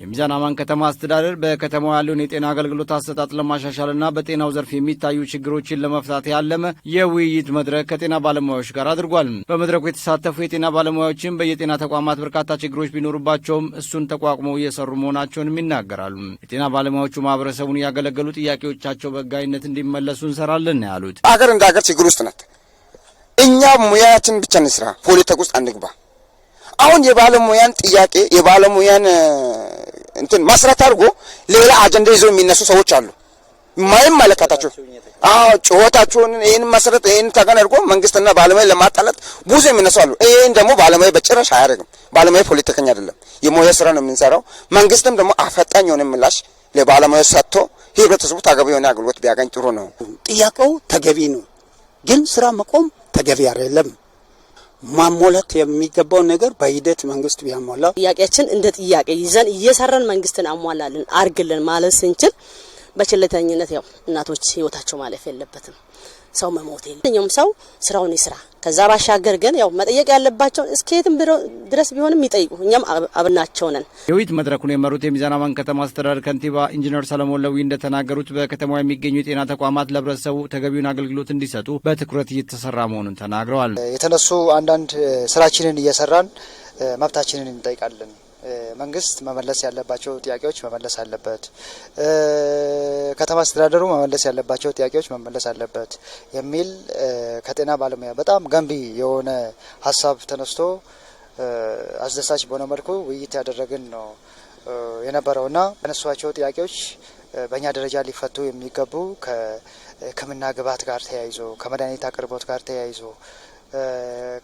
የሚዛን አማን ከተማ አስተዳደር በከተማው ያለውን የጤና አገልግሎት አሰጣጥ ለማሻሻልና በጤናው ዘርፍ የሚታዩ ችግሮችን ለመፍታት ያለመ የውይይት መድረክ ከጤና ባለሙያዎች ጋር አድርጓል። በመድረኩ የተሳተፉ የጤና ባለሙያዎችም በየጤና ተቋማት በርካታ ችግሮች ቢኖሩባቸውም እሱን ተቋቁመው እየሰሩ መሆናቸውንም ይናገራሉ። የጤና ባለሙያዎቹ ማህበረሰቡን እያገለገሉ ጥያቄዎቻቸው በህጋዊነት እንዲመለሱ እንሰራለን ያሉት አገር እንደ አገር ችግር ውስጥ ናት። እኛ ሙያችን ብቻ እንስራ፣ ፖለቲክ ውስጥ አንግባ። አሁን የባለሙያን ጥያቄ የባለሙያን እንትን መስረት አድርጎ ሌላ አጀንዳ ይዘው የሚነሱ ሰዎች አሉ። የማይመለከታቸው አዎ፣ ጩኸታችሁን ይህን መሰረት ይህን ተገን አድርጎ መንግስትና ባለሙያ ለማጣላት ብዙ የሚነሱ አሉ። ይህን ደግሞ ባለሙያ በጭራሽ አያደርግም። ባለሙያ ፖለቲከኛ አይደለም፣ የሙያ ስራ ነው የምንሰራው። መንግስትም ደግሞ አፈጣኝ የሆነ ምላሽ ለባለሙያ ሰጥቶ ህብረተሰቡ ተገቢ የሆነ አገልግሎት ቢያገኝ ጥሩ ነው። ጥያቄው ተገቢ ነው፣ ግን ስራ መቆም ተገቢ አይደለም። ማሞላት የሚገባው ነገር በሂደት መንግስት ቢያሟላ ጥያቄያችን እንደ ጥያቄ ይዘን እየሰራን መንግስትን አሟላልን አርግልን ማለት ስንችል በችለተኝነት ያው እናቶች ህይወታቸው ማለፍ የለበትም። ሰው መሞት የለም። ኛውም ሰው ስራውን ይስራ። ከዛ ባሻገር ግን ያው መጠየቅ ያለባቸውን እስከየትም ድረስ ቢሆንም ይጠይቁ። እኛም አብናቸው ነን። የውይይት መድረኩን የመሩት የሚዛን አማን ከተማ አስተዳደር ከንቲባ ኢንጂነር ሰለሞን ለዊ እንደተናገሩት በከተማዋ የሚገኙ የጤና ተቋማት ለህብረተሰቡ ተገቢውን አገልግሎት እንዲሰጡ በትኩረት እየተሰራ መሆኑን ተናግረዋል። የተነሱ አንዳንድ ስራችንን እየሰራን መብታችንን እንጠይቃለን። መንግስት መመለስ ያለባቸው ጥያቄዎች መመለስ አለበት፣ ከተማ አስተዳደሩ መመለስ ያለባቸው ጥያቄዎች መመለስ አለበት የሚል ከጤና ባለሙያ በጣም ገንቢ የሆነ ሀሳብ ተነስቶ አስደሳች በሆነ መልኩ ውይይት ያደረግን ነው የነበረውና ያነሷቸው ጥያቄዎች በእኛ ደረጃ ሊፈቱ የሚገቡ ከሕክምና ግብዓት ጋር ተያይዞ ከመድኃኒት አቅርቦት ጋር ተያይዞ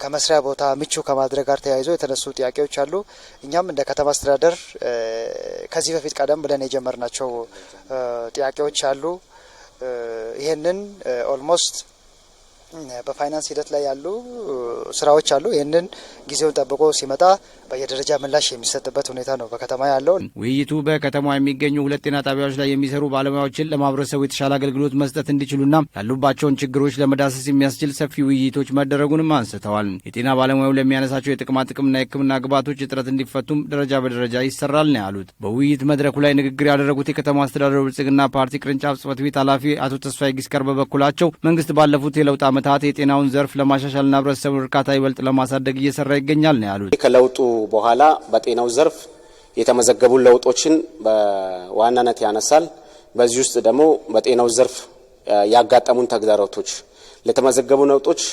ከመስሪያ ቦታ ምቹ ከማድረግ ጋር ተያይዞ የተነሱ ጥያቄዎች አሉ። እኛም እንደ ከተማ አስተዳደር ከዚህ በፊት ቀደም ብለን የጀመርናቸው ጥያቄዎች አሉ። ይህንን ኦልሞስት በፋይናንስ ሂደት ላይ ያሉ ስራዎች አሉ። ይህንን ጊዜውን ጠብቆ ሲመጣ በየደረጃ ምላሽ የሚሰጥበት ሁኔታ ነው በከተማ ያለው። ውይይቱ በከተማ የሚገኙ ሁለት ጤና ጣቢያዎች ላይ የሚሰሩ ባለሙያዎችን ለማህበረሰቡ የተሻለ አገልግሎት መስጠት እንዲችሉና ያሉባቸውን ችግሮች ለመዳሰስ የሚያስችል ሰፊ ውይይቶች መደረጉንም አንስተዋል። የጤና ባለሙያው ለሚያነሳቸው የጥቅማ ጥቅምና የሕክምና ግብዓቶች እጥረት እንዲፈቱም ደረጃ በደረጃ ይሰራል ነው ያሉት። በውይይት መድረኩ ላይ ንግግር ያደረጉት የከተማ አስተዳደሩ ብልጽግና ፓርቲ ቅርንጫፍ ጽህፈት ቤት ኃላፊ አቶ ተስፋዬ ጊስከር በበኩላቸው መንግስት ባለፉት የለውጣ ዓመታት የጤናውን ዘርፍ ለማሻሻልና ህብረተሰቡ እርካታ ይበልጥ ለማሳደግ እየሰራ ይገኛል ነው ያሉት። ከለውጡ በኋላ በጤናው ዘርፍ የተመዘገቡ ለውጦችን በዋናነት ያነሳል። በዚህ ውስጥ ደግሞ በጤናው ዘርፍ ያጋጠሙን ተግዳሮቶች፣ ለተመዘገቡ ለውጦች፣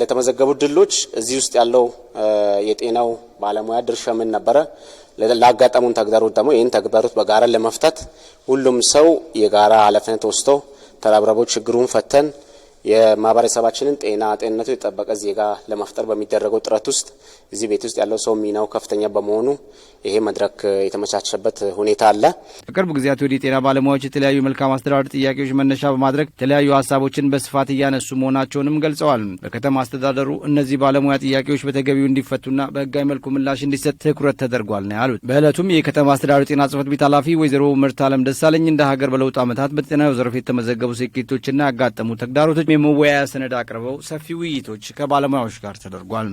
ለተመዘገቡ ድሎች እዚህ ውስጥ ያለው የጤናው ባለሙያ ድርሻ ምን ነበረ? ላጋጠሙን ተግዳሮት ደግሞ ይህን ተግዳሮት በጋራ ለመፍታት ሁሉም ሰው የጋራ ኃላፊነት ወስዶ ተረባርቦ ችግሩን ፈተን የማህበረሰባችንን ጤና ጤንነቱ የጠበቀ ዜጋ ለመፍጠር በሚደረገው ጥረት ውስጥ እዚህ ቤት ውስጥ ያለው ሰው ሚናው ከፍተኛ በመሆኑ ይሄ መድረክ የተመቻቸበት ሁኔታ አለ። በቅርብ ጊዜያት ወዲህ ጤና ባለሙያዎች የተለያዩ መልካም አስተዳደር ጥያቄዎች መነሻ በማድረግ የተለያዩ ሀሳቦችን በስፋት እያነሱ መሆናቸውንም ገልጸዋል። በከተማ አስተዳደሩ እነዚህ ባለሙያ ጥያቄዎች በተገቢው እንዲፈቱና በህጋዊ መልኩ ምላሽ እንዲሰጥ ትኩረት ተደርጓል ነው ያሉት። በእለቱም የከተማ አስተዳደሩ ጤና ጽህፈት ቤት ኃላፊ ወይዘሮ ምርት አለም ደሳለኝ እንደ ሀገር በለውጥ ዓመታት በጤናው ዘርፍ የተመዘገቡ ስኬቶችና ያጋጠሙ ተግዳሮቶች የመወያያ ሰነድ አቅርበው ሰፊ ውይይቶች ከባለሙያዎች ጋር ተደርጓል።